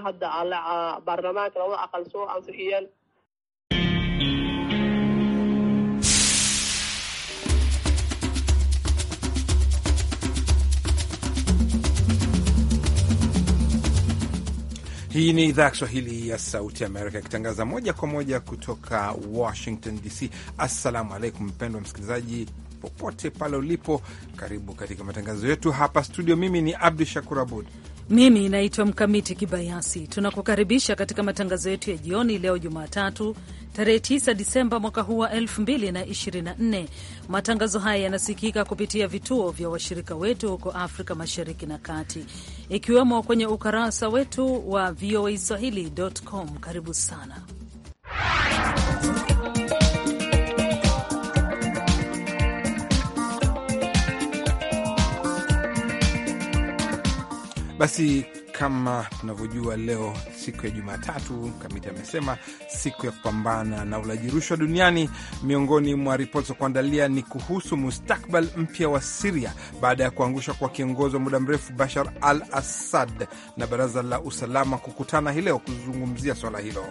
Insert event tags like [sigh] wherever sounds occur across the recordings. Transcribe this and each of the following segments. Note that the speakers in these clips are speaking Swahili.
Hadda ala barlamaanka labada aqal soo anfixiyeen. Hii ni idhaa ya Kiswahili ya Sauti Amerika ikitangaza moja kwa moja kutoka Washington DC. Assalamu alaikum, mpendwa msikilizaji popote pale ulipo, karibu katika matangazo yetu hapa studio. Mimi ni Abdu Shakur Abud mimi naitwa Mkamiti Kibayasi. Tunakukaribisha katika matangazo yetu ya jioni leo Jumatatu tarehe 9 Disemba mwaka huu wa 2024. Matangazo haya yanasikika kupitia vituo vya washirika wetu huko Afrika Mashariki na Kati, ikiwemo kwenye ukurasa wetu wa voa swahilicom Karibu sana Basi kama tunavyojua, leo siku ya Jumatatu, Kamiti amesema siku ya kupambana na ulaji rushwa duniani. Miongoni mwa ripoti za kuandalia ni kuhusu mustakbal mpya wa Siria baada ya kuangushwa kwa kiongozi wa muda mrefu Bashar al Assad, na baraza la usalama kukutana hii leo kuzungumzia swala hilo.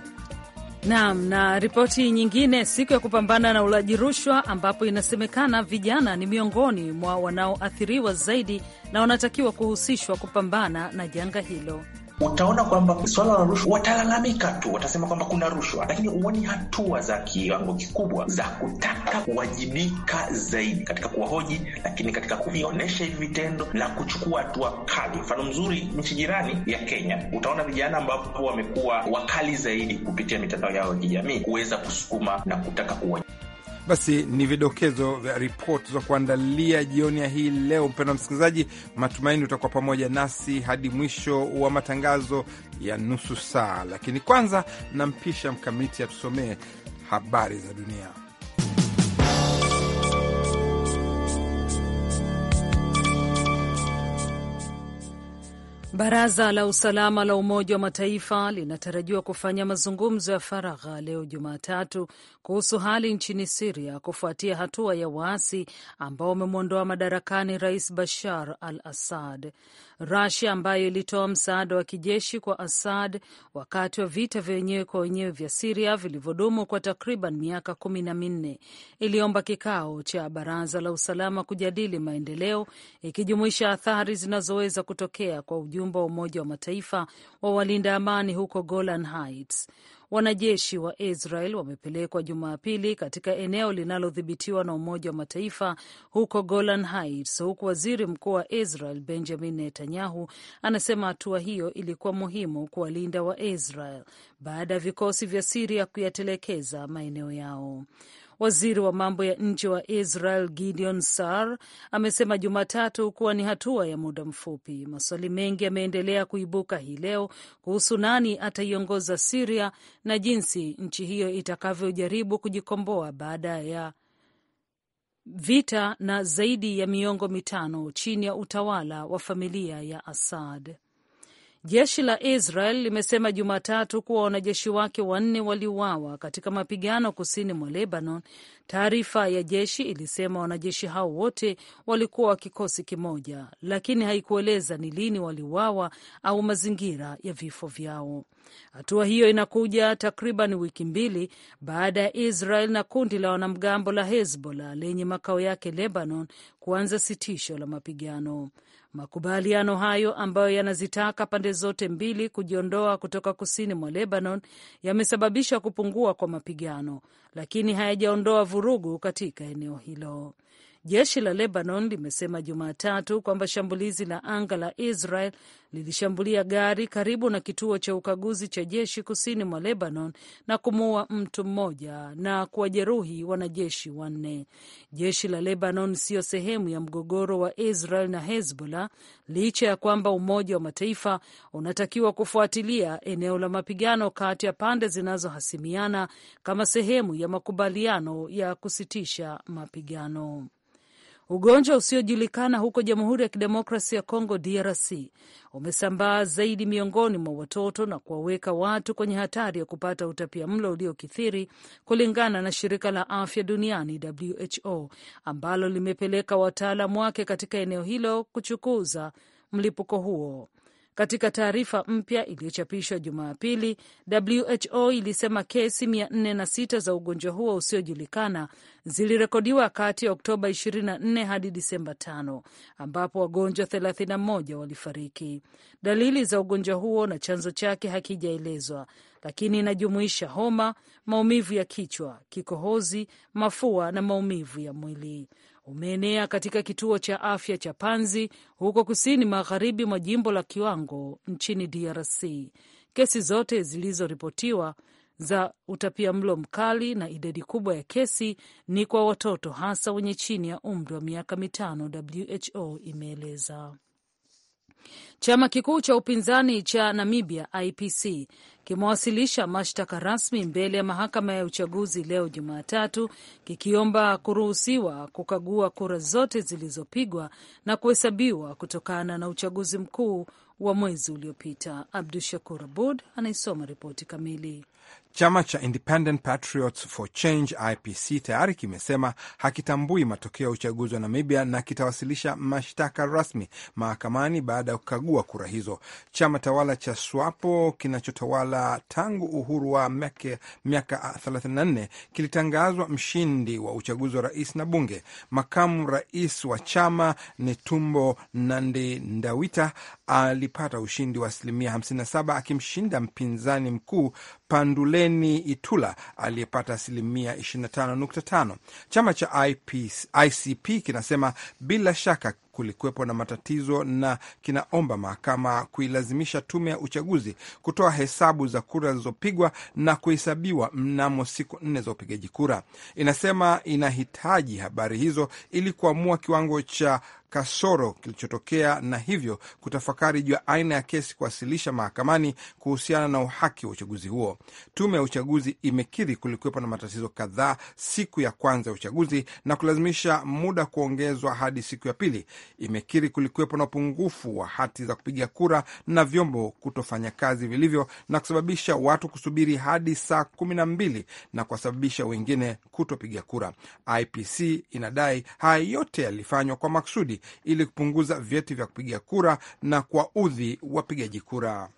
Naam, na ripoti nyingine, siku ya kupambana na ulaji rushwa, ambapo inasemekana vijana ni miongoni mwa wanaoathiriwa zaidi na wanatakiwa kuhusishwa kupambana na janga hilo utaona kwamba swala la rushwa watalalamika tu, watasema kwamba kuna rushwa, lakini huoni hatua za kiwango kikubwa za kutaka kuwajibika zaidi katika kuwahoji, lakini katika kuvionyesha hivi vitendo na kuchukua hatua kali. Mfano mzuri nchi jirani ya Kenya, utaona vijana ambapo wamekuwa wakali zaidi kupitia mitandao yao ya kijamii kuweza kusukuma na kutaka kuwajibika. Basi ni vidokezo vya ripoti za kuandalia jioni ya hii leo. Mpendwa msikilizaji, matumaini utakuwa pamoja nasi hadi mwisho wa matangazo ya nusu saa, lakini kwanza nampisha Mkamiti atusomee habari za dunia. Baraza la usalama la Umoja wa Mataifa linatarajiwa kufanya mazungumzo ya faragha leo Jumatatu kuhusu hali nchini Siria kufuatia hatua ya waasi ambao wamemwondoa madarakani Rais Bashar al Assad. Rusia ambayo ilitoa msaada wa kijeshi kwa Assad wakati wa vita vya wenyewe kwa wenyewe vya Siria vilivyodumu kwa takriban miaka kumi na minne iliomba kikao cha baraza la usalama kujadili maendeleo, ikijumuisha athari zinazoweza kutokea kwa ujumbe mjumbe wa Umoja wa Mataifa wa walinda amani huko Golan Heights. Wanajeshi wa Israel wamepelekwa Jumapili katika eneo linalodhibitiwa na Umoja wa Mataifa huko Golan Heights, huku waziri mkuu wa Israel Benjamin Netanyahu anasema hatua hiyo ilikuwa muhimu kuwalinda wa israel baada ya vikosi vya Siria kuyatelekeza maeneo yao. Waziri wa mambo ya nje wa Israel Gideon sar amesema Jumatatu kuwa ni hatua ya muda mfupi. Maswali mengi yameendelea kuibuka hii leo kuhusu nani ataiongoza Siria na jinsi nchi hiyo itakavyojaribu kujikomboa baada ya vita na zaidi ya miongo mitano chini ya utawala wa familia ya Assad. Jeshi la Israel limesema Jumatatu kuwa wanajeshi wake wanne waliuawa katika mapigano kusini mwa Lebanon. Taarifa ya jeshi ilisema wanajeshi hao wote walikuwa wa kikosi kimoja, lakini haikueleza ni lini waliuawa au mazingira ya vifo vyao. Hatua hiyo inakuja takriban wiki mbili baada ya Israel na kundi la wanamgambo la Hezbollah lenye makao yake Lebanon kuanza sitisho la mapigano. Makubaliano hayo ambayo yanazitaka pande zote mbili kujiondoa kutoka kusini mwa Lebanon yamesababisha kupungua kwa mapigano, lakini hayajaondoa vurugu katika eneo hilo. Jeshi la Lebanon limesema Jumatatu kwamba shambulizi la anga la Israel lilishambulia gari karibu na kituo cha ukaguzi cha jeshi kusini mwa Lebanon na kumuua mtu mmoja na kuwajeruhi wanajeshi wanne. Jeshi la Lebanon siyo sehemu ya mgogoro wa Israel na Hezbollah licha ya kwamba Umoja wa Mataifa unatakiwa kufuatilia eneo la mapigano kati ya pande zinazohasimiana kama sehemu ya makubaliano ya kusitisha mapigano. Ugonjwa usiojulikana huko Jamhuri ya Kidemokrasi ya Kongo, DRC, umesambaa zaidi miongoni mwa watoto na kuwaweka watu kwenye hatari ya kupata utapia mlo uliokithiri, kulingana na shirika la afya duniani WHO, ambalo limepeleka wataalam wake katika eneo hilo kuchukuza mlipuko huo. Katika taarifa mpya iliyochapishwa Jumapili, WHO ilisema kesi 406 za ugonjwa huo usiojulikana zilirekodiwa kati ya Oktoba 24 hadi Disemba 5, ambapo wagonjwa 31 walifariki. Dalili za ugonjwa huo na chanzo chake hakijaelezwa, lakini inajumuisha homa, maumivu ya kichwa, kikohozi, mafua na maumivu ya mwili umeenea katika kituo cha afya cha Panzi huko kusini magharibi mwa jimbo la Kiwango nchini DRC. Kesi zote zilizoripotiwa za utapia mlo mkali na idadi kubwa ya kesi ni kwa watoto hasa wenye chini ya umri wa miaka mitano, WHO imeeleza. Chama kikuu cha upinzani cha Namibia IPC kimewasilisha mashtaka rasmi mbele ya mahakama ya uchaguzi leo Jumatatu, kikiomba kuruhusiwa kukagua kura zote zilizopigwa na kuhesabiwa kutokana na uchaguzi mkuu wa mwezi uliopita. Abdu Shakur Abud anaisoma ripoti kamili. Chama cha Independent Patriots for Change IPC tayari kimesema hakitambui matokeo ya uchaguzi wa Namibia na kitawasilisha mashtaka rasmi mahakamani baada ya kukagua kura hizo. Chama tawala cha SWAPO kinachotawala tangu uhuru wa miaka 34 kilitangazwa mshindi wa uchaguzi wa rais na bunge. Makamu rais wa chama Netumbo nandi ndawita alipata ushindi wa asilimia 57 akimshinda mpinzani mkuu Panduleni Itula aliyepata asilimia 25.5. Chama cha IPC, ICP kinasema bila shaka kulikuwepo na matatizo na kinaomba mahakama kuilazimisha tume ya uchaguzi kutoa hesabu za kura zilizopigwa na kuhesabiwa mnamo siku nne za upigaji kura. Inasema inahitaji habari hizo ili kuamua kiwango cha kasoro kilichotokea na hivyo kutafakari juu ya aina ya kesi kuwasilisha mahakamani kuhusiana na uhaki wa uchaguzi huo. Tume ya uchaguzi imekiri kulikuwepo na matatizo kadhaa siku ya kwanza ya uchaguzi na kulazimisha muda kuongezwa hadi siku ya pili imekiri kulikuwepo na upungufu wa hati za kupiga kura na vyombo kutofanya kazi vilivyo, na kusababisha watu kusubiri hadi saa kumi na mbili na kuwasababisha wengine kutopiga kura. IPC inadai haya yote yalifanywa kwa maksudi ili kupunguza vyeti vya kupiga kura na kuwaudhi wapigaji kura.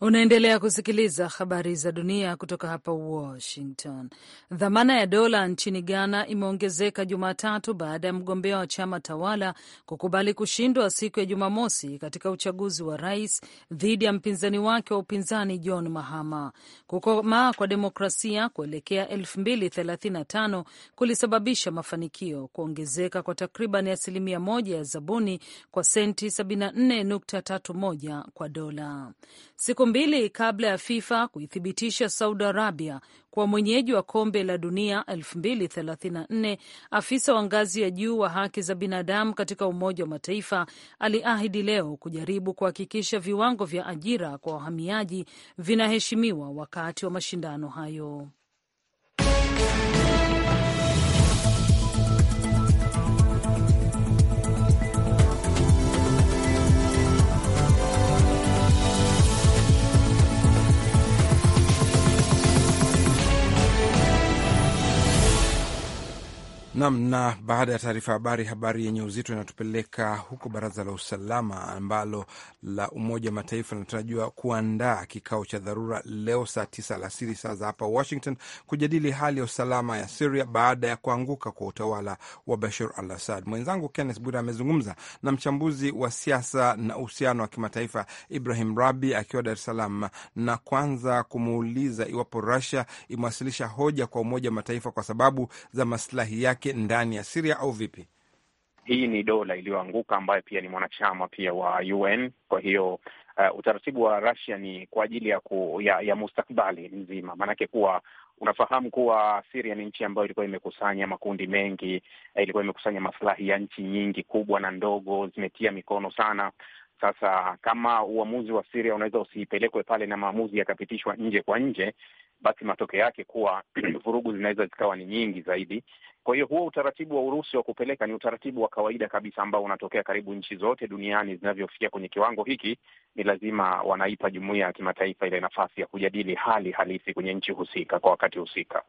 Unaendelea kusikiliza habari za dunia kutoka hapa Washington. Dhamana ya dola nchini Ghana imeongezeka Jumatatu baada ya mgombea wa chama tawala kukubali kushindwa siku ya Jumamosi katika uchaguzi wa rais dhidi ya mpinzani wake wa upinzani John Mahama. Kukomaa kwa demokrasia kuelekea 2035 kulisababisha mafanikio, kuongezeka kwa takriban asilimia moja ya zabuni kwa senti 74.31 kwa dola siku mbili kabla ya FIFA kuithibitisha Saudi Arabia kuwa mwenyeji wa kombe la dunia 2034, afisa wa ngazi ya juu wa haki za binadamu katika Umoja wa Mataifa aliahidi leo kujaribu kuhakikisha viwango vya ajira kwa wahamiaji vinaheshimiwa wakati wa mashindano hayo. Nam, na baada ya taarifa habari, habari yenye uzito inatupeleka huko baraza la usalama ambalo la Umoja wa Mataifa linatarajiwa kuandaa kikao cha dharura leo saa tisa alasiri saa za hapa Washington kujadili hali ya usalama ya Siria baada ya kuanguka kwa utawala wa Bashar al Assad. Mwenzangu Kenneth Bwira amezungumza na mchambuzi wa siasa na uhusiano wa kimataifa Ibrahim Rabi akiwa Dar es Salaam, na kwanza kumuuliza iwapo Rusia imewasilisha hoja kwa Umoja wa Mataifa kwa sababu za maslahi yake ndani ya Siria au vipi? Hii ni dola iliyoanguka ambayo pia ni mwanachama pia wa UN. Kwa hiyo uh, utaratibu wa Russia ni kwa ajili ya, ku, ya, ya mustakbali mzima, maanake kuwa unafahamu kuwa Siria ni nchi ambayo ilikuwa imekusanya makundi mengi, eh, ilikuwa imekusanya maslahi ya nchi nyingi kubwa na ndogo, zimetia mikono sana. Sasa kama uamuzi wa Siria unaweza usiipelekwe pale na maamuzi yakapitishwa nje kwa nje, basi matokeo yake kuwa [clears throat] vurugu zinaweza zikawa ni nyingi zaidi, kwa hiyo huo utaratibu wa Urusi wa kupeleka ni utaratibu wa kawaida kabisa ambao unatokea karibu nchi zote duniani zinavyofikia kwenye kiwango hiki. Ni lazima wanaipa jumuiya ya kimataifa ile nafasi ya kujadili hali halisi kwenye nchi husika kwa wakati husika.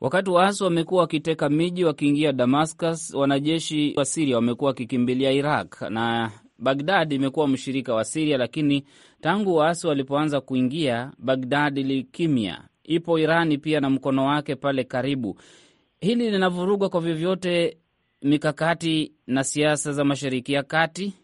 Wakati waasi wamekuwa wakiteka miji wakiingia Damascus, wanajeshi wa Siria wamekuwa wakikimbilia Iraq na Bagdad imekuwa mshirika wa Siria, lakini tangu waasi walipoanza kuingia Bagdad ilikimya. Ipo Irani pia na mkono wake pale karibu hili linavurugwa kwa vyovyote mikakati na siasa za Mashariki ya Kati.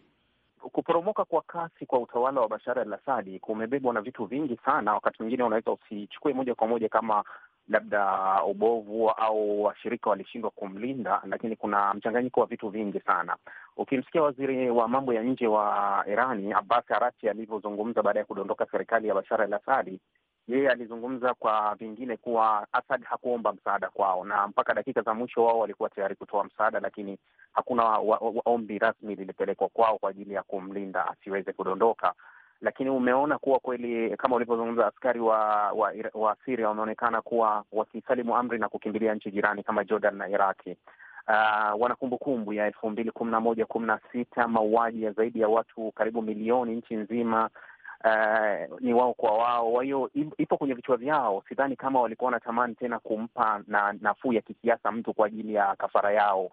Kuporomoka kwa kasi kwa utawala wa Bashar al Asadi kumebebwa na vitu vingi sana. Wakati mwingine unaweza usichukue moja kwa moja kama labda ubovu au washirika walishindwa kumlinda, lakini kuna mchanganyiko wa vitu vingi sana. Ukimsikia waziri wa mambo ya nje wa Irani Abbas Arachi alivyozungumza baada ya kudondoka serikali ya Bashar al Asadi, yeye alizungumza kwa vingine kuwa Asad hakuomba msaada kwao, na mpaka dakika za mwisho wao walikuwa tayari kutoa msaada, lakini hakuna wa, wa, ombi rasmi lilipelekwa kwao kwa ajili ya kumlinda asiweze kudondoka. Lakini umeona kuwa kweli kama ulivyozungumza, askari wa wa, wa Siria wameonekana kuwa wakisalimu amri na kukimbilia nchi jirani kama Jordan na Iraki. Uh, wana kumbukumbu ya elfu mbili kumi na moja kumi na sita mauaji ya zaidi ya watu karibu milioni nchi nzima uh, ni wao kwa wao. Kwa hiyo ipo kwenye vichwa vyao, sidhani kama walikuwa wanatamani tena kumpa na nafuu ya kisiasa mtu kwa ajili ya kafara yao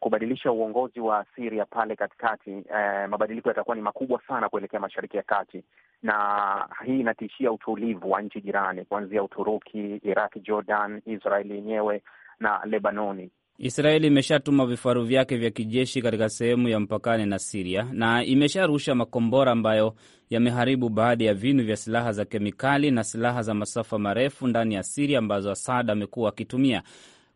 kubadilisha uongozi wa siria pale katikati. Eh, mabadiliko yatakuwa ni makubwa sana kuelekea mashariki ya kati, na hii inatishia utulivu wa nchi jirani kuanzia Uturuki, Iraq, Jordan, Israeli yenyewe na Lebanoni. Israeli imeshatuma vifaru vyake vya kijeshi katika sehemu ya mpakani na Siria na imesharusha makombora ambayo yameharibu baadhi ya vinu vya silaha za kemikali na silaha za masafa marefu ndani ya Siria ambazo Asad amekuwa akitumia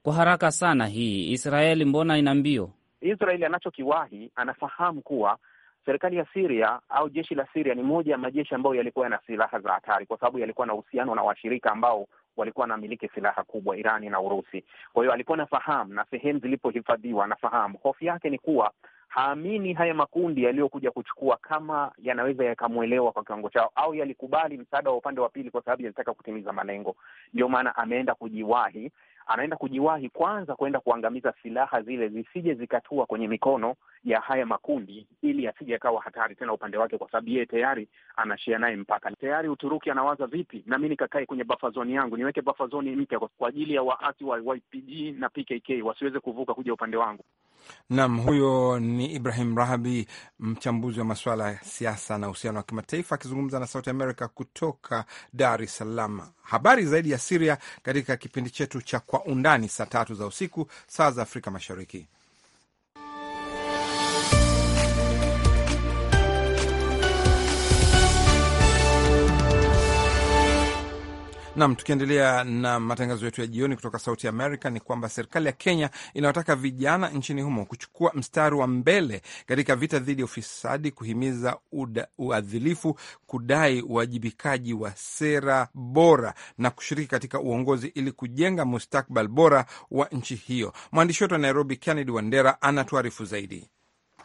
kwa haraka sana. Hii Israeli mbona ina mbio? Israeli anachokiwahi, anafahamu kuwa serikali ya Siria au jeshi la Siria ni moja ya majeshi ambayo yalikuwa yana silaha za hatari, kwa sababu yalikuwa na uhusiano na washirika ambao walikuwa wanamiliki silaha kubwa, Irani na Urusi. Kwa hiyo alikuwa nafahamu na sehemu zilipohifadhiwa, anafahamu. Hofu yake ni kuwa haamini haya makundi yaliyokuja kuchukua kama yanaweza yakamwelewa kwa kiwango chao, au yalikubali msaada wa upande wa pili kwa sababu yalitaka kutimiza malengo. Ndio maana ameenda kujiwahi anaenda kujiwahi kwanza kwenda kuangamiza silaha zile zisije zikatua kwenye mikono ya haya makundi, ili asije akawa hatari tena upande wake, kwa sababu yeye tayari anashia naye mpaka tayari. Uturuki anawaza vipi, na mi nikakae kwenye bafazoni yangu niweke bafazoni mpya kwa ajili ya waasi wa YPG na PKK wasiweze kuvuka kuja upande wangu. Nam, huyo ni Ibrahim Rahabi, mchambuzi wa masuala ya siasa na uhusiano wa kimataifa akizungumza na Sauti Amerika kutoka Dar es Salaam. Habari zaidi ya Siria katika kipindi chetu cha Kwa Undani saa tatu za usiku, saa za Afrika Mashariki. Nam, tukiendelea na matangazo yetu ya jioni kutoka Sauti Amerika ni kwamba serikali ya Kenya inawataka vijana nchini humo kuchukua mstari wa mbele katika vita dhidi ya ufisadi, kuhimiza uadhilifu kudai uwajibikaji wa sera bora na kushiriki katika uongozi ili kujenga mustakbal bora wa nchi hiyo. Mwandishi wetu wa Nairobi, Kennedy Wandera, anatuarifu zaidi.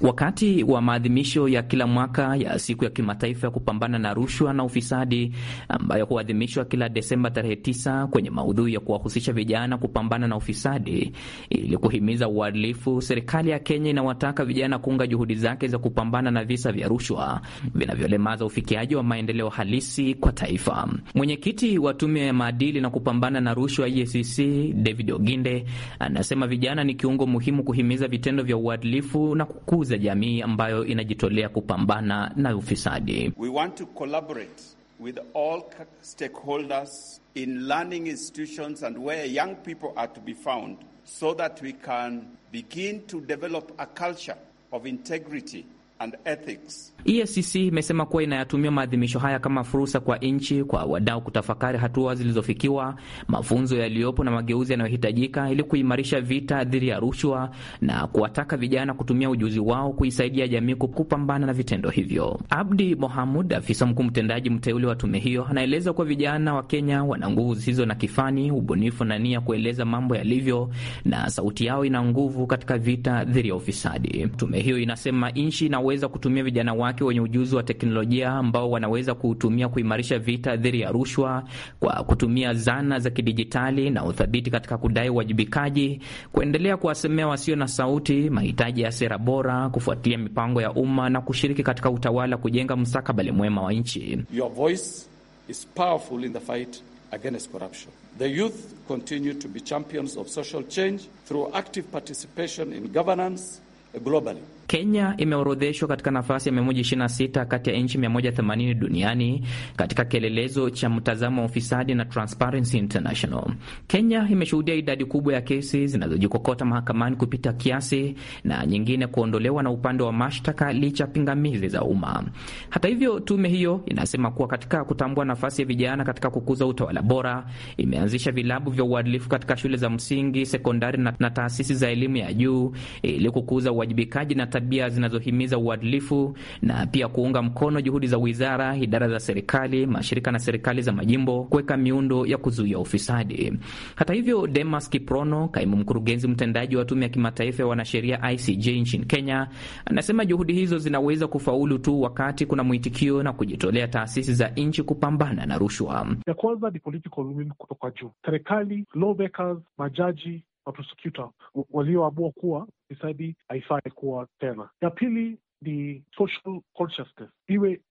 Wakati wa maadhimisho ya kila mwaka ya siku ya kimataifa ya kupambana na rushwa na ufisadi ambayo huadhimishwa kila Desemba tarehe 9 kwenye maudhui ya kuwahusisha vijana kupambana na ufisadi ili kuhimiza uadilifu, serikali ya Kenya inawataka vijana kuunga juhudi zake za kupambana na visa vya rushwa vinavyolemaza ufikiaji wa maendeleo halisi kwa taifa. Mwenyekiti wa tume ya maadili na kupambana na rushwa EACC, David Oginde, anasema vijana ni kiungo muhimu kuhimiza vitendo vya uadilifu na kukuza mageuzi ya jamii ambayo inajitolea kupambana na ufisadi. We want to collaborate with all stakeholders in learning institutions and where young people are to be found so that we can begin to develop a culture of integrity and ethics EACC imesema kuwa inayatumia maadhimisho haya kama fursa kwa nchi, kwa wadau kutafakari hatua zilizofikiwa, mafunzo yaliyopo na mageuzi yanayohitajika ili kuimarisha vita dhidi ya rushwa na kuwataka vijana kutumia ujuzi wao kuisaidia jamii kupambana na vitendo hivyo. Abdi Mohamud, afisa mkuu mtendaji mteule wa tume hiyo, anaeleza kuwa vijana wa Kenya wana nguvu zisizo na kifani, ubunifu na nia kueleza mambo yalivyo, na sauti yao ina nguvu katika vita dhidi ya ufisadi. Tume hiyo inasema nchi inaweza kutumia vijana wa wanawake wenye ujuzi wa teknolojia ambao wanaweza kuutumia kuimarisha vita dhidi ya rushwa kwa kutumia zana za kidijitali na uthabiti katika kudai uwajibikaji, kuendelea kuwasemea wasio na sauti, mahitaji ya sera bora, kufuatilia mipango ya umma na kushiriki katika utawala, kujenga mstakabali mwema wa nchi. Your voice is powerful in the fight against corruption. The youth continue to be champions of social change through active participation in governance globally. Kenya imeorodheshwa katika nafasi ya 126 kati ya nchi 180 duniani katika kielelezo cha mtazamo wa ufisadi na Transparency International. Kenya imeshuhudia idadi kubwa ya kesi zinazojikokota mahakamani kupita kiasi na nyingine kuondolewa na upande wa mashtaka licha pingamizi za umma. Hata hivyo, tume hiyo inasema kuwa katika kutambua nafasi ya vijana katika kukuza utawala bora, imeanzisha vilabu vya uadilifu katika shule za msingi, sekondari na, na taasisi za elimu ya juu ili kukuza uwajibikaji na tabia zinazohimiza uadilifu na pia kuunga mkono juhudi za wizara, idara za serikali, mashirika na serikali za majimbo kuweka miundo ya kuzuia ufisadi. Hata hivyo, Demas Kiprono, kaimu mkurugenzi mtendaji wa tume ya kimataifa ya wanasheria ICJ nchini Kenya, anasema juhudi hizo zinaweza kufaulu tu wakati kuna mwitikio na kujitolea taasisi za nchi kupambana na rushwa. Ya kwanza ni political will kutoka juu, serikali, lawmakers, majaji maprosecutor walioamua kuwa fisadi haifai kuwa tena. Ya pili ni social consciousness, iwe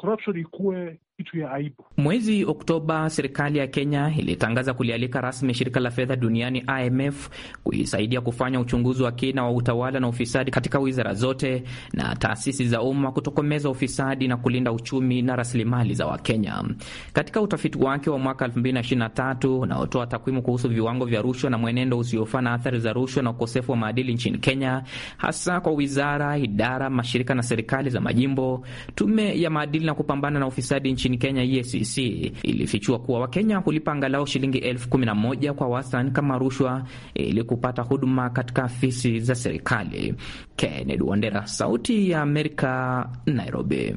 corruption ikuwe kitu ya aibu. Mwezi Oktoba, serikali ya Kenya ilitangaza kulialika rasmi shirika la fedha duniani IMF kuisaidia kufanya uchunguzi wa kina wa utawala na ufisadi katika wizara zote na taasisi za umma, kutokomeza ufisadi na kulinda uchumi na rasilimali za Wakenya. Katika utafiti wake wa mwaka 2023 unaotoa takwimu kuhusu viwango vya rushwa na mwenendo usiofaa na athari za rushwa na ukosefu wa maadili nchini Kenya, hasa kwa wizara, idara, mashirika na serikali za majimbo, tume ya maadili na kupambana na ufisadi nchini nchini Kenya, EACC ilifichua kuwa Wakenya hulipa angalau shilingi elfu kumi na moja kwa wastani kama rushwa ili kupata huduma katika afisi za serikali. Kennedy Wandera, Sauti ya Amerika, Nairobi.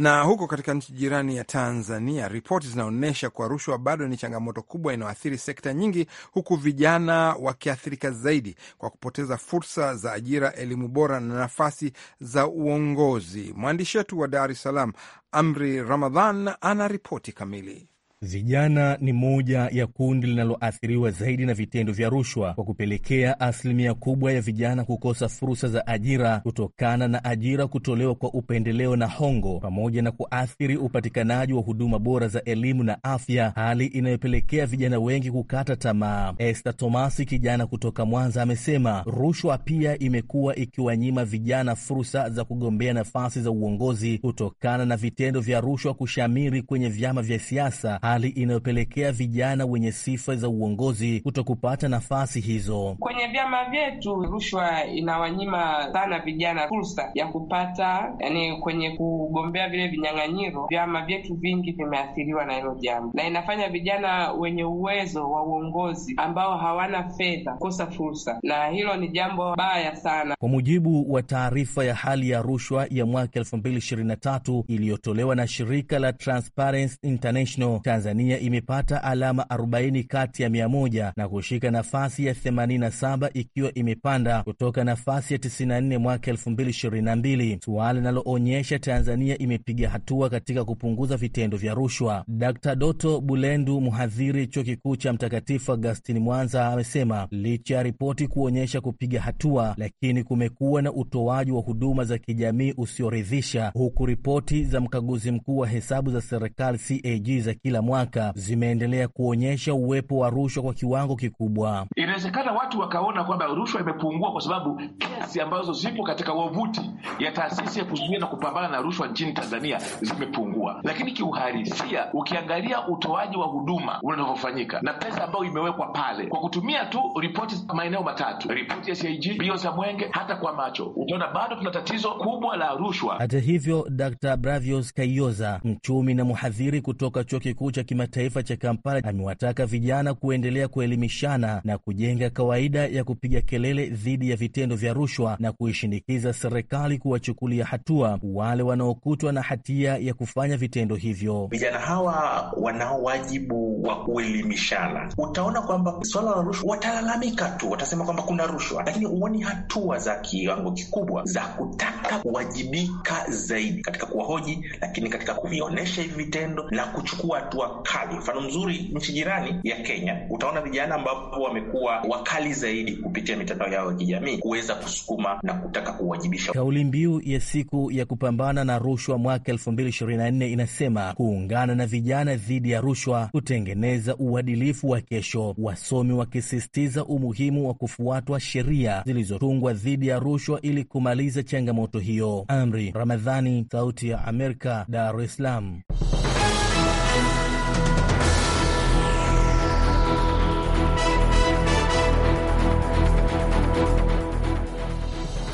Na huko katika nchi jirani ya Tanzania, ripoti zinaonyesha kuwa rushwa bado ni changamoto kubwa inayoathiri sekta nyingi, huku vijana wakiathirika zaidi kwa kupoteza fursa za ajira, elimu bora na nafasi za uongozi. Mwandishi wetu wa Dar es Salaam, Amri Ramadhan, ana ripoti kamili. Vijana ni moja ya kundi linaloathiriwa zaidi na vitendo vya rushwa kwa kupelekea asilimia kubwa ya vijana kukosa fursa za ajira kutokana na ajira kutolewa kwa upendeleo na hongo, pamoja na kuathiri upatikanaji wa huduma bora za elimu na afya, hali inayopelekea vijana wengi kukata tamaa. Esther Tomasi, kijana kutoka Mwanza, amesema rushwa pia imekuwa ikiwanyima vijana fursa za kugombea nafasi za uongozi kutokana na vitendo vya rushwa kushamiri kwenye vyama vya siasa hali inayopelekea vijana wenye sifa za uongozi kutokupata nafasi hizo. Kwenye vyama vyetu, rushwa inawanyima sana vijana fursa ya kupata, yani kwenye kugombea vile vinyang'anyiro, vyama vyetu vingi vimeathiriwa na hilo jambo, na inafanya vijana wenye uwezo wa uongozi ambao hawana fedha kosa fursa, na hilo ni jambo baya sana. Kwa mujibu wa taarifa ya hali ya rushwa ya mwaka 2023 iliyotolewa na shirika la Transparency International Tanzania imepata alama 40 kati ya 100 na kushika nafasi ya 87 ikiwa imepanda kutoka nafasi ya 94 mwaka 2022, suala linaloonyesha Tanzania imepiga hatua katika kupunguza vitendo vya rushwa. d Doto Bulendu, mhadhiri chuo kikuu cha Mtakatifu Agustini Mwanza, amesema licha ya ripoti kuonyesha kupiga hatua, lakini kumekuwa na utoaji wa huduma za kijamii usioridhisha, huku ripoti za mkaguzi mkuu wa hesabu za serikali CAG za kila mwaka zimeendelea kuonyesha uwepo wa rushwa kwa kiwango kikubwa. Inawezekana watu wakaona kwamba rushwa imepungua kwa sababu kesi ambazo zipo katika wavuti ya taasisi ya kuzuia na kupambana na rushwa nchini Tanzania zimepungua, lakini kiuhalisia, ukiangalia utoaji wa huduma unavyofanyika na pesa ambayo imewekwa pale, kwa kutumia tu ripoti za maeneo matatu, ripoti ya CIG, mbio za Mwenge, hata kwa macho utaona bado tuna tatizo kubwa la rushwa. Hata hivyo, Dr. Bravios Kayoza, mchumi na mhadhiri kutoka chuo kikuu cha kimataifa cha Kampala amewataka vijana kuendelea kuelimishana na kujenga kawaida ya kupiga kelele dhidi ya vitendo vya rushwa na kuishinikiza serikali kuwachukulia hatua wale wanaokutwa na hatia ya kufanya vitendo hivyo. Vijana hawa wanao wajibu wa kuelimishana. Utaona kwamba swala la rushwa, watalalamika tu, watasema kwamba kuna rushwa, lakini huoni hatua za kiwango kikubwa za kutaka kuwajibika zaidi katika kuwahoji, lakini katika kuvionyesha hivi vitendo na kuchukua hatua wakali Mfano mzuri nchi jirani ya Kenya, utaona vijana ambapo wamekuwa wakali zaidi kupitia mitandao yao ya kijamii kuweza kusukuma na kutaka kuwajibisha. Kauli mbiu ya siku ya kupambana na rushwa mwaka 2024 inasema kuungana na vijana dhidi ya rushwa, kutengeneza uadilifu wa kesho, wasomi wakisisitiza umuhimu wa kufuatwa sheria zilizotungwa dhidi ya rushwa ili kumaliza changamoto hiyo. Amri Ramadhani, Sauti ya Amerika, Dar es Salaam.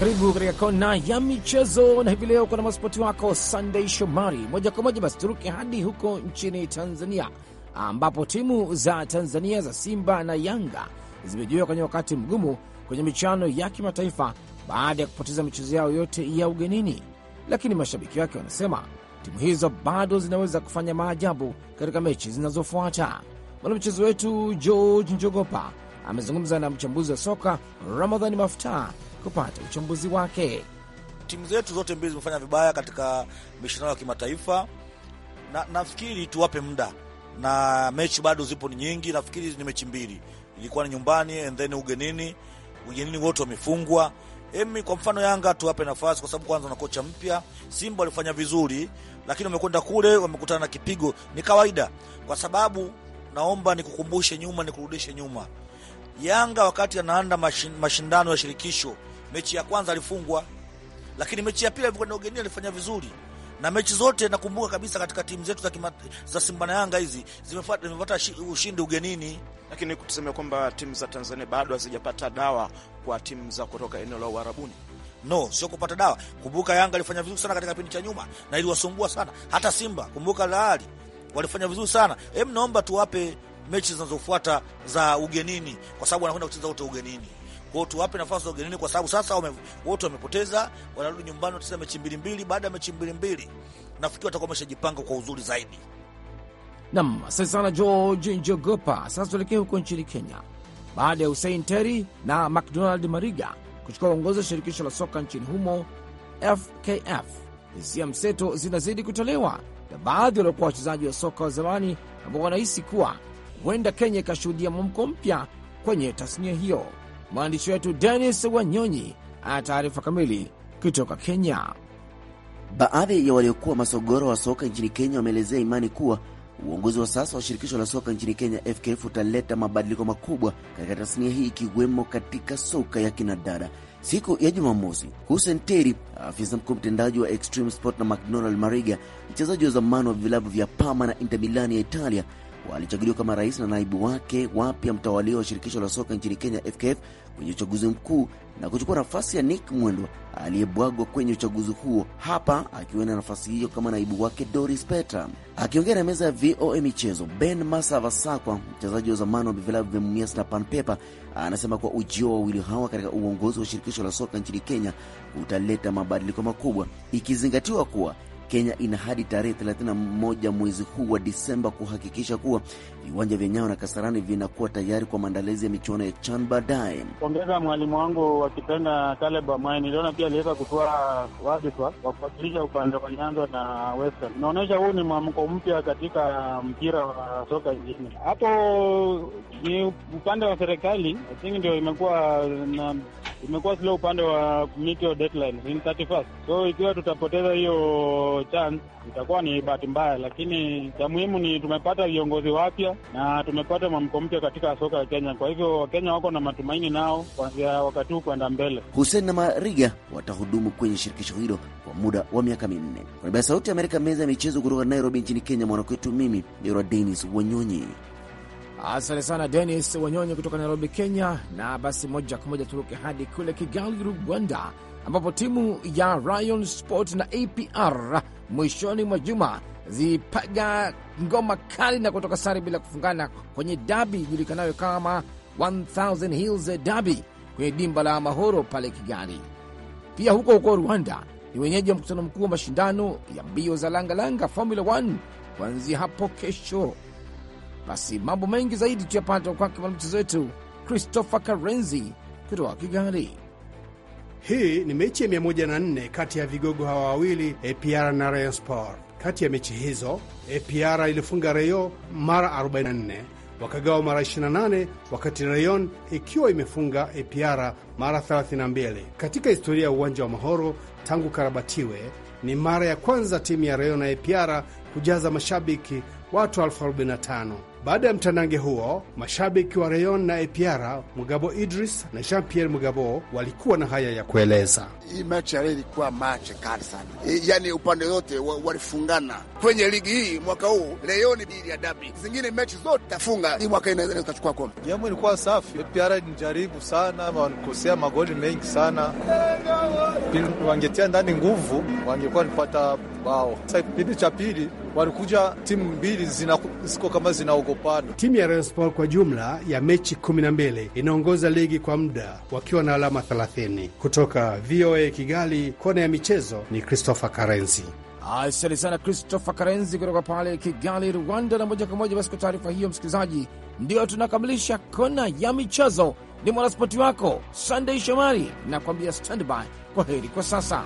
Karibu katika kona ya michezo, na hivi leo kuna mwanaspoti wako Sunday Shomari. Moja kwa moja basi turuke hadi huko nchini Tanzania, ambapo timu za Tanzania za Simba na Yanga zimejiweka kwenye wakati mgumu kwenye michuano ya kimataifa baada ya kupoteza michezo yao yote ya ugenini, lakini mashabiki wake wanasema timu hizo bado zinaweza kufanya maajabu katika mechi zinazofuata. Mwanamchezo wetu George Njogopa amezungumza na mchambuzi wa soka Ramadhani Maftaa kupata uchambuzi wake. Timu zetu zote mbili zimefanya vibaya katika mishindano ya kimataifa, na nafikiri tuwape muda, na mechi bado zipo ni nyingi. Nafikiri ni mechi mbili, ilikuwa ni nyumbani and then ugenini. Ugenini wote wamefungwa. Emi, kwa mfano Yanga tuwape nafasi, kwa sababu kwanza na kocha mpya. Simba walifanya vizuri, lakini wamekwenda kule wamekutana na kipigo, ni kawaida. Kwa sababu naomba nikukumbushe nyuma, nikurudishe nyuma. Yanga wakati anaanda mashindano ya shirikisho Mechi ya kwanza alifungwa, lakini mechi ya pili alivyokwenda ugeni alifanya vizuri, na mechi zote nakumbuka kabisa katika timu zetu za, kima, za Simba na Yanga hizi zimepata ushindi ugenini. Lakini tuseme kwamba timu za Tanzania bado hazijapata dawa kwa timu za kutoka eneo la Uarabuni. No, sio kupata dawa. Kumbuka Yanga alifanya vizuri sana katika kipindi cha nyuma na iliwasumbua sana hata Simba. Kumbuka Al walifanya vizuri sana. Hem, naomba tuwape mechi zinazofuata za ugenini, kwa sababu wanakwenda kucheza wote ugenini. Kwa hiyo tuwape nafasi za ugenini, kwa sababu sasa wote wamepoteza, wanarudi nyumbani, wacheza mechi mbili mbili. Baada ya mechi mbili mbili, nafikiri watakuwa wameshajipanga kwa uzuri zaidi. Nam, asante sana George Njogopa. Sasa tuelekee huko nchini Kenya baada ya husein Teri na McDonald Mariga kuchukua uongozi wa shirikisho la soka nchini humo FKF, hisia mseto zinazidi kutolewa na baadhi waliokuwa wachezaji wa soka wa zamani ambao wanahisi kuwa huenda Kenya ikashuhudia mwamko mpya kwenye tasnia hiyo. Mwandishi wetu Denis Wanyonyi ana taarifa kamili kutoka Kenya. Baadhi ya waliokuwa masogoro wa soka nchini Kenya wameelezea imani kuwa uongozi wa sasa wa shirikisho la soka nchini Kenya FKF utaleta mabadiliko makubwa katika tasnia hii ikiwemo katika soka ya kinadada. Siku ya Jumamosi, Hussein Teri, afisa mkuu mtendaji wa Extreme Sport, na McDonald Mariga, mchezaji wa zamani wa vilabu vya Parma na Inter ya Italia, walichaguliwa kama rais na naibu wake wapya mtawalia wa shirikisho la soka nchini Kenya, FKF, kwenye uchaguzi mkuu na kuchukua nafasi ya Nick Mwendwa aliyebwagwa kwenye uchaguzi huo, hapa akiwa na nafasi hiyo kama naibu wake Doris peta Akiongea na meza ya VOA michezo, Ben Masavasakwa, mchezaji wa zamani wa vilabu vya Mumias na Panpepa, anasema kuwa ujio wa wawili hawa katika uongozi wa shirikisho la soka nchini Kenya utaleta mabadiliko makubwa, ikizingatiwa kuwa Kenya ina hadi tarehe 31 mwezi huu wa Disemba kuhakikisha kuwa viwanja vya na Kasarani vinakuwa tayari kwa maandalizi ya michuano ya CHAN baadaye. Ongeza mwalimu wangu wakipenda Taleb Amai, niliona pia aliweza kutoa wadhifa wa kuwakilisha upande wa Nyanza na Western. Inaonyesha huu ni mwamko mpya katika mpira wa soka nchini. Hapo ni upande wa serikali, I think ndio imekuwa na imekuwa sile upande wa kumiki deadline ni 31 So ikiwa tutapoteza hiyo chance itakuwa ni bahati mbaya, lakini cha muhimu ni tumepata viongozi wapya na tumepata mwamko mpya katika soka la Kenya. Kwa hivyo Wakenya wako na matumaini nao kuanzia wakati huu kwenda mbele. Hussein na Mariga watahudumu kwenye shirikisho hilo kwa muda wa miaka minne. Kwa niaba ya Sauti ya Amerika, meza ya michezo kutoka Nairobi nchini Kenya, mwanakwetu mimi nira Denis Wanyonyi. Asante sana Denis Wanyonyi kutoka Nairobi, Kenya. Na basi moja kwa moja turuke hadi kule Kigali, Rwanda, ambapo timu ya Rayon Sport na APR mwishoni mwa juma zipiga ngoma kali na kutoka sare bila kufungana kwenye dabi ijulikanayo kama 1000 Hills Dabi kwenye dimba la Amahoro pale Kigali. Pia huko huko Rwanda ni wenyeji wa mkutano mkuu wa mashindano ya mbio za langalanga Formula 1 kuanzia hapo kesho. Basi mambo mengi zaidi tuyapata kwake mwanamchezo wetu Christopher Karenzi kutoka Kigali. Hii ni mechi ya 104 kati ya vigogo hawa wawili APR e na Rayon Sport. Kati ya mechi hizo APR ilifunga Rayo mara 44 wakagawa mara 28 wakati Rayon ikiwa imefunga APR mara 32. Katika historia ya uwanja wa Mahoro tangu karabatiwe, ni mara ya kwanza timu ya reo na APR kujaza mashabiki watu elfu 45. Baada ya mtanange huo, mashabiki wa Rayon na APR Mugabo Idris na Jean Pierre Mugabo walikuwa na haya ya kueleza. Hii mechi ya leo ilikuwa mache kali sana, yaani upande yote walifungana kwenye ligi hii mwaka huu. Rayon bili ya dabi, zingine mechi zote tafunga, hii mwaka inaweza kutachukua kombe. Jambo ilikuwa safi, APR ni jaribu sana, wanikosea magoli mengi sana, wangetia ndani nguvu, wangekuwa nipata bao. Sasa kipindi cha pili walikuja timu mbili ziko kama zinaogopa upande. Timu ya Rayon kwa jumla ya mechi 12 inaongoza ligi kwa muda wakiwa na alama 30. Kutoka VOA Kigali, kona ya michezo ni Christopher Karenzi. Asante sana Christopher Karenzi kutoka pale Kigali, Rwanda. Na moja kwa moja basi, kwa taarifa hiyo, msikilizaji, ndio tunakamilisha kona ya michezo. Ni mwanaspoti wako sandey Shomari na kuambia standby. Kwa heri kwa sasa.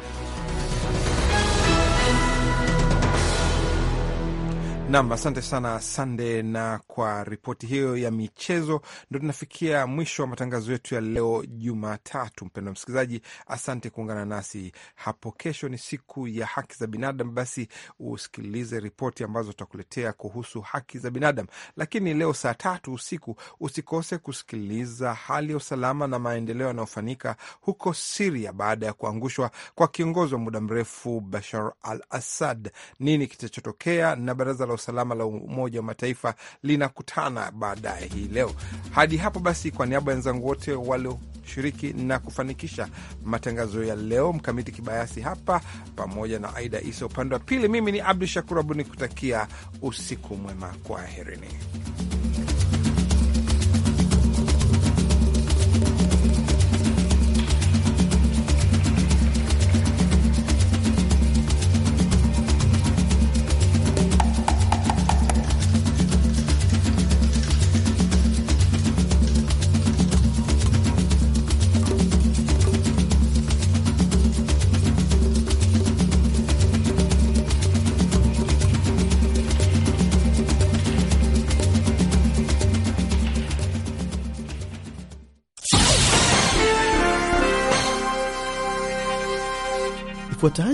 Nam, asante sana Sande, na kwa ripoti hiyo ya michezo ndo tunafikia mwisho wa matangazo yetu ya leo Jumatatu. Mpendwa msikilizaji, asante kuungana nasi hapo. Kesho ni siku ya haki za binadamu, basi usikilize ripoti ambazo tutakuletea kuhusu haki za binadamu. Lakini leo saa tatu usiku usikose kusikiliza hali ya usalama na maendeleo yanayofanyika huko Siria baada ya kuangushwa kwa kiongozi wa muda mrefu Bashar al Assad. Nini kitachotokea na baraza la usalama la Umoja wa Mataifa linakutana baadaye hii leo. Hadi hapo basi, kwa niaba ya wenzangu wote walioshiriki na kufanikisha matangazo ya leo, Mkamiti Kibayasi hapa pamoja na Aida Isa upande wa pili, mimi ni Abdu Shakur Abuni kutakia usiku mwema, kwaherini.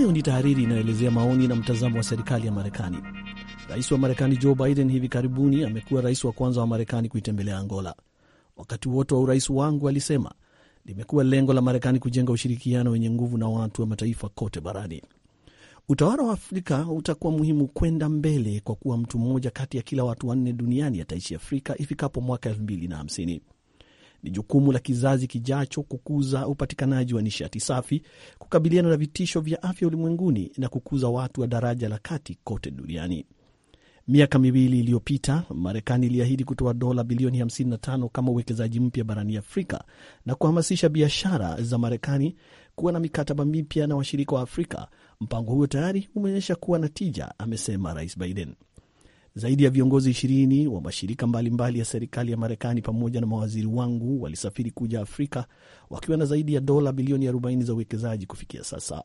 Ifuatayo ni tahariri inayoelezea maoni na mtazamo wa serikali ya Marekani. Rais wa Marekani Joe Biden hivi karibuni amekuwa rais wa kwanza wa Marekani kuitembelea Angola. Wakati wote wa urais wangu, alisema, limekuwa lengo la Marekani kujenga ushirikiano wenye nguvu na watu wa mataifa kote barani. Utawala wa Afrika utakuwa muhimu kwenda mbele, kwa kuwa mtu mmoja kati ya kila watu wanne duniani ataishi Afrika ifikapo mwaka elfu mbili na hamsini. Ni jukumu la kizazi kijacho kukuza upatikanaji wa nishati safi, kukabiliana na vitisho vya afya ulimwenguni na kukuza watu wa daraja la kati kote duniani. Miaka miwili iliyopita Marekani iliahidi kutoa dola bilioni 55 kama uwekezaji mpya barani Afrika na kuhamasisha biashara za Marekani kuwa na mikataba mipya na washirika wa Afrika. Mpango huo tayari umeonyesha kuwa na tija, amesema Rais Biden. Zaidi ya viongozi ishirini wa mashirika mbalimbali mbali ya serikali ya Marekani pamoja na mawaziri wangu walisafiri kuja Afrika wakiwa na zaidi ya dola bilioni 40 za uwekezaji kufikia sasa.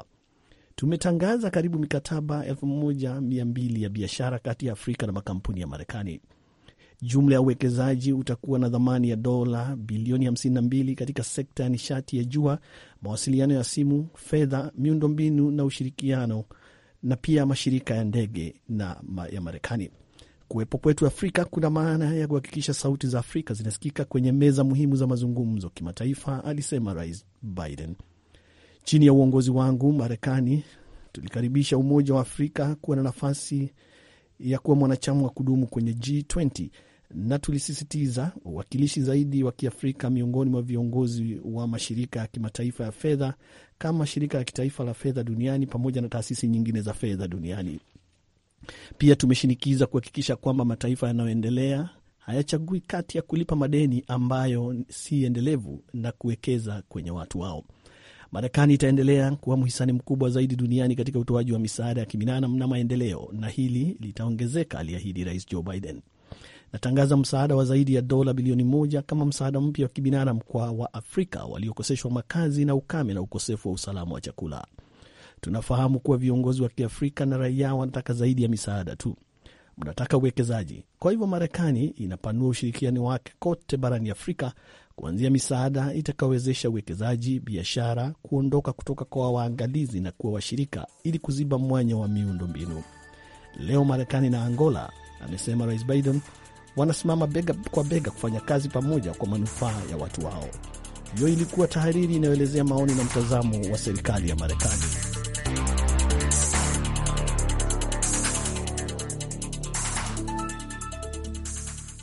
Tumetangaza karibu mikataba 1200 ya biashara kati ya Afrika na makampuni ya Marekani. Jumla ya uwekezaji utakuwa na thamani ya dola bilioni 52 katika sekta ya nishati ya jua, mawasiliano ya simu, fedha, miundombinu na ushirikiano, na pia mashirika ya ndege na ya Marekani. Kuwepo kwetu Afrika kuna maana ya kuhakikisha sauti za Afrika zinasikika kwenye meza muhimu za mazungumzo kimataifa, alisema Rais Biden. Chini ya uongozi wangu Marekani tulikaribisha Umoja wa Afrika kuwa na nafasi ya kuwa mwanachama wa kudumu kwenye G20 na tulisisitiza uwakilishi zaidi wa Kiafrika miongoni mwa viongozi wa mashirika ya kimataifa ya fedha kama shirika la kitaifa la fedha duniani pamoja na taasisi nyingine za fedha duniani. Pia tumeshinikiza kuhakikisha kwamba mataifa yanayoendelea hayachagui kati ya kulipa madeni ambayo si endelevu na kuwekeza kwenye watu wao. Marekani itaendelea kuwa mhisani mkubwa zaidi duniani katika utoaji wa misaada ya kibinadamu na maendeleo, na hili litaongezeka, aliahidi Rais Joe Biden. Natangaza msaada wa zaidi ya dola bilioni moja kama msaada mpya wa kibinadamu kwa Waafrika waliokoseshwa makazi na ukame na ukosefu wa usalama wa chakula. Tunafahamu kuwa viongozi wa Kiafrika na raia wanataka zaidi ya misaada tu, mnataka uwekezaji. Kwa hivyo Marekani inapanua ushirikiano wake kote barani Afrika, kuanzia misaada itakawezesha uwekezaji, biashara, kuondoka kutoka kwa waangalizi na kuwa washirika, ili kuziba mwanya wa miundo mbinu. Leo Marekani na Angola, amesema Rais Biden, wanasimama bega kwa bega kufanya kazi pamoja kwa manufaa ya watu wao. Hiyo ilikuwa tahariri inayoelezea maoni na mtazamo wa serikali ya Marekani.